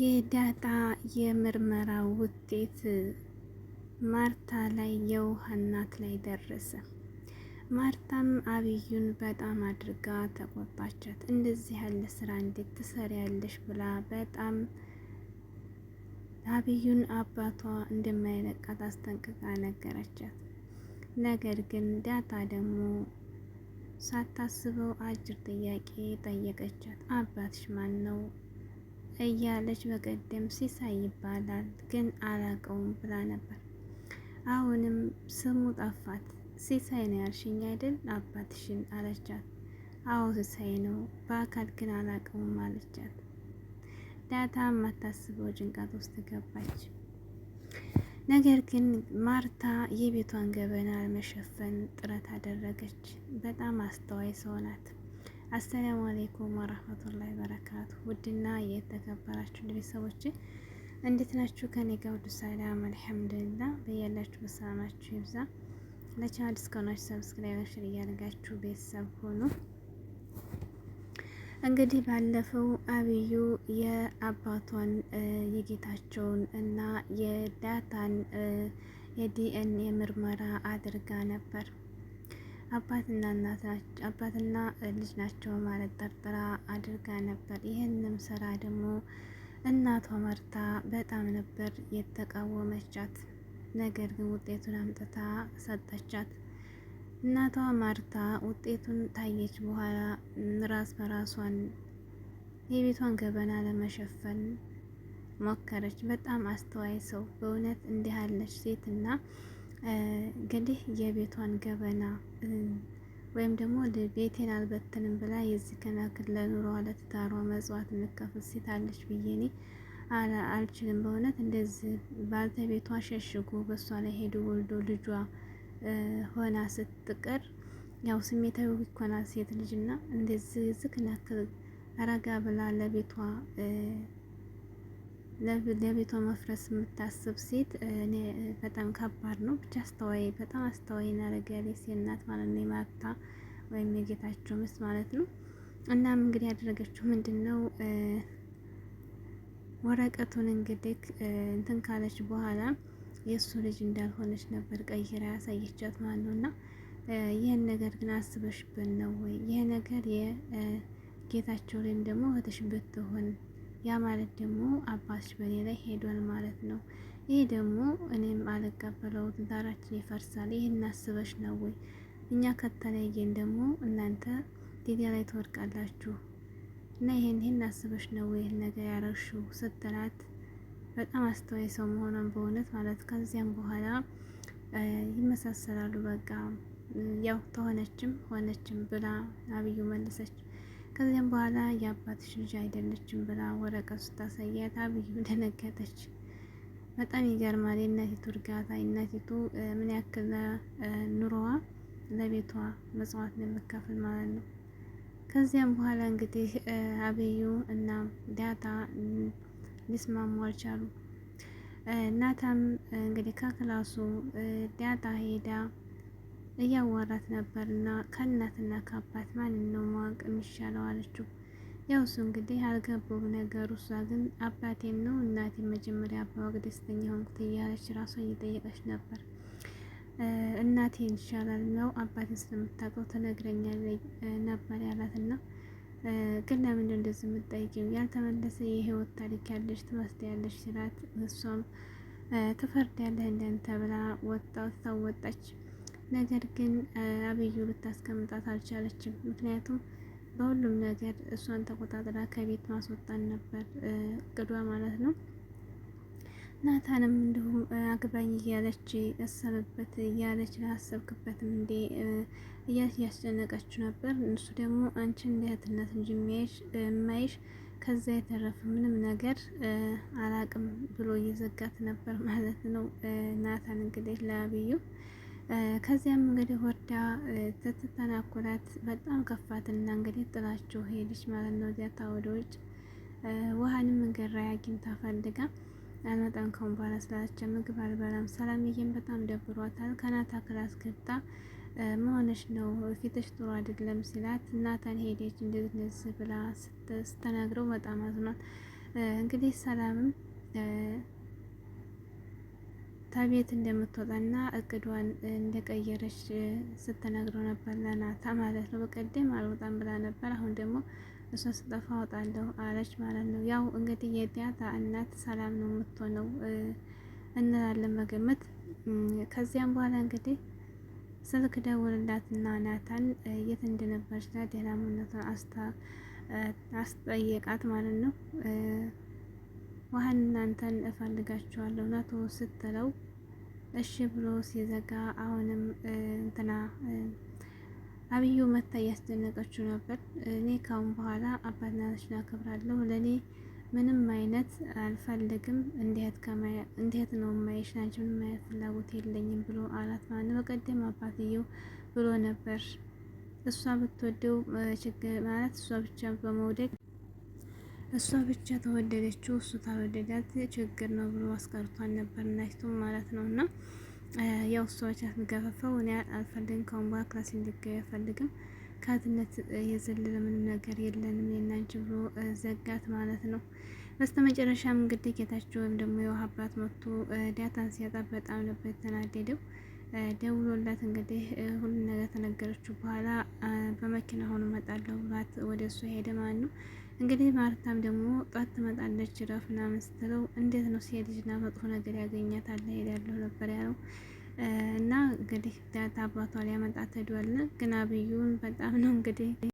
የዳጣ የምርመራ ውጤት ማርታ ላይ የውሃ እናት ላይ ደረሰ። ማርታም አብዩን በጣም አድርጋ ተቆጣቻት። እንደዚህ ያለ ስራ እንዴት ትሰሪያለሽ ብላ በጣም አብዩን አባቷ እንደማይለቃት አስጠንቅቃ ነገረቻት። ነገር ግን ዳታ ደግሞ ሳታስበው አጅር ጥያቄ ጠየቀቻት። አባትሽ ማን ነው እያለች በቀደም ሲሳይ ይባላል ግን አላቀውም ብላ ነበር። አሁንም ስሙ ጠፋት። ሲሳይ ነው ያልሽኝ አይደል አባትሽን አለቻት። አዎ ሲሳይ ነው በአካል ግን አላቀውም አለቻት። ዳታ ማታስበው ጭንቀት ውስጥ ገባች። ነገር ግን ማርታ የቤቷን ገበና ለመሸፈን ጥረት አደረገች። በጣም አስተዋይ ሰው ናት። አሰላሙ አሌይኩም ወረህመቱላሂ በረካቱ። ውድና የተከበራችሁ ቤተሰቦቼ እንዴት ናችሁ? ከኔ ጋር ሁሉ ሰላም አልሐምዱሊላህ። በያላችሁ በሰላማችሁ ይብዛ። ለቻናል ዲስካውንት ሰብስክራይብ ሽር እያደረጋችሁ ቤተሰብ ሆኑ። እንግዲህ ባለፈው አብዩ የአባቷን የጌታቸውን እና የዳታን የዲኤንኤ ምርመራ አድርጋ ነበር። አባትና እናት አባትና ልጅ ናቸው ማለት ጠርጥራ አድርጋ ነበር። ይህንም ስራ ደግሞ እናቷ መርታ በጣም ነበር የተቃወመቻት። ነገር ግን ውጤቱን አምጥታ ሰጠቻት። እናቷ ማርታ ውጤቱን ታየች በኋላ ራስ በራሷን የቤቷን ገበና ለመሸፈን ሞከረች። በጣም አስተዋይ ሰው በእውነት እንዲህ ያለች ሴትና እንግዲህ የቤቷን ገበና ወይም ደግሞ ቤቴን አልበትንም ብላ የዚህ ከናክል ለኑሮ ለትዳሯ መጽዋት የምትከፍል ሴት አለች ብዬ እኔ አልችልም። በእውነት እንደዚህ ባልተቤቷ ሸሽጎ በእሷ ላይ ሄዶ ወልዶ ልጇ ሆና ስትቀር ያው ስሜታዊ ይኮናል ሴት ልጅና እንደዚህ ዝክናክል አረጋ ብላ ለቤቷ ለቤቷ መፍረስ የምታስብ ሴት እኔ በጣም ከባድ ነው። ብቻ አስተዋይ፣ በጣም አስተዋይ ናረግ ያለች ሴት ማለት ነው። የማርታ ወይም የጌታቸው ምስ ማለት ነው። እናም እንግዲህ ያደረገችው ምንድን ነው? ወረቀቱን እንግዲህ እንትን ካለች በኋላ የእሱ ልጅ እንዳልሆነች ነበር ቀይራ ያሳየቻት ማለት ነው። እና ይህን ነገር ግን አስበሽብን ነው ወይ? ይህ ነገር የጌታቸው ወይም ደግሞ እህትሽ ብትሆን ያ ማለት ደግሞ አባትሽ በእኔ ላይ ሄዷል ማለት ነው። ይህ ደግሞ እኔም አልቀበለው ትዳራችን ይፈርሳል። ይህን አስበሽ ነው ወይ? እኛ ከተለያየን ደግሞ እናንተ ሌላ ላይ ትወድቃላችሁ እና ይህን ይህን አስበሽ ነው ወይ ይህን ነገር ያረግሽው ስትላት በጣም አስተዋይ ሰው መሆኗን በእውነት ማለት ከዚያም በኋላ ይመሳሰላሉ። በቃ ያው ተሆነችም ሆነችም ብላ አብዩ መለሰች። ከዚያም በኋላ የአባትሽ ልጅ አይደለችም ብላ ወረቀት ስታሳያት አብይ ደነገጠች። በጣም ይገርማል። የእናቲቱ እርጋታ፣ የእናቲቱ ምን ያክል ኑሮዋ ለቤቷ መጽዋት ለመካፈል ማለት ነው። ከዚያም በኋላ እንግዲህ አብዩ እና ዳታ ሊስማሙ አልቻሉ። እናታም እንግዲህ ከክላሱ ዳታ ሄዳ እያዋራት ነበርና ከእናትና ከአባት ማን ነው ማወቅ የሚሻለው አለችው። ያው እሱ እንግዲህ አልገባውም ነገሩ። እሷ ግን አባቴም ነው እናቴ መጀመሪያ አባወቅ ደስተኛ ሆንኩት እያለች ራሷ እየጠየቀች ነበር። እናቴን ይሻላል ነው አባቴን ስለምታውቀው ትነግረኛለች ነበር ያላትና ግን ለምንድን እንደዚህ የምትጠይቂው ያልተመለሰ የህይወት ታሪክ ያለሽ ያለች ሲላት እሷም ትፈርድ ያለህ እንደን ተብላ ወጣ ወጣች። ነገር ግን አብዩ ልታስቀምጣት አልቻለችም። ምክንያቱም በሁሉም ነገር እሷን ተቆጣጥራ ከቤት ማስወጣን ነበር ቅዷ ማለት ነው። ናታንም እንዲሁ አግባኝ እያለች ያሰበበት እያለች ላሰብክበትም እንዴ እያለች እያስጨነቀችው ነበር። እሱ ደግሞ አንቺ እንደ እህትነት እንጂ የማይሽ ከዛ የተረፈ ምንም ነገር አላቅም ብሎ እየዘጋት ነበር ማለት ነው። ናታን እንግዲህ ለአብዩ ከዚያም እንግዲህ ወርዳ ስትተናኮላት በጣም ከፋትና እንግዲህ ጥላችሁ ሄደች ማለት ነው። እዚያ ታወደ ውጭ ውሃንም እንገራ ያግኝታ ፈልጋ አልመጣም ከሆን በኋላ ስላቸው ምግብ አልበላም። ሰላምዬም በጣም ደብሯታል። ከናታ ክላስ ገብታ መሆነች ነው ፊትሽ ጥሩ አይደለም ሲላት እናታን ሄደች እንደዚህ እንደዚህ ብላ ስትነግረው በጣም አዝኗል። እንግዲህ ሰላምም ቤት እንደምትወጣና እቅዷን እንደቀየረች ስትነግረው ነበር ለናታ ማለት ነው። በቀደም አልወጣም ብላ ነበር። አሁን ደግሞ እሷ ስጠፋ ወጣለሁ አለች ማለት ነው። ያው እንግዲህ የቢያታ እናት ሰላም ነው የምትሆነው እንላለን መገመት። ከዚያም በኋላ እንግዲህ ስልክ ደውልላትና ናታን የት እንደነበረች ና ደህናምነቷን አስጠየቃት ማለት ነው። ውሀን እናንተን እፈልጋችኋለሁ ናቶ ስትለው እሺ ብሎ ሲዘጋ አሁንም እንትና አብዩ መታ እያስደነቀችው ነበር። እኔ ካሁን በኋላ አባትና አከብራለሁ። ለእኔ ምንም አይነት አልፈልግም። እንዴት ነው የማይሽ? አንቺ ምንም አይነት ፍላጎት የለኝም ብሎ አላት ማለት ነው። በቀደም አባትየው ብሎ ነበር እሷ ብትወደው ችግር ማለት እሷ ብቻ በመውደድ እሷ ብቻ ተወደደችው እሱ ታወደዳት ችግር ነው ብሎ አስቀርቷን ነበር እናይቶ ማለት ነው። እና ያው እሷዎች ብቻ እኔ አልፈልግም፣ ከሁን በኋላ ክላስ እንዲገኝ አልፈልግም፣ ከእህትነት የዘለለ ምንም ነገር የለንም የናንች ብሎ ዘጋት ማለት ነው። በስተ መጨረሻም እንግዲህ ጌታቸው ወይም ደግሞ የውሃ አባት መጥቶ ዳታን ሲያጣ በጣም ነበር የተናደደው። ደውሎላት እንግዲህ ሁሉ ነገር ተነገረችው በኋላ በመኪና ሆኖ መጣለሁ ብላት ወደ እሱ ሄደ ማለት ነው። እንግዲህ ማርታም ደግሞ ጧት ትመጣለች ረፍ ምናምን ስትለው እንዴት ነው ሴት ልጅና መጥፎ ነገር ያገኛታል ሄዳለሁ ነበር ያለው እና እንግዲህ ዳታ አባቷ ሊያመጣት ሄዷል። ግን አብዩን በጣም ነው እንግዲህ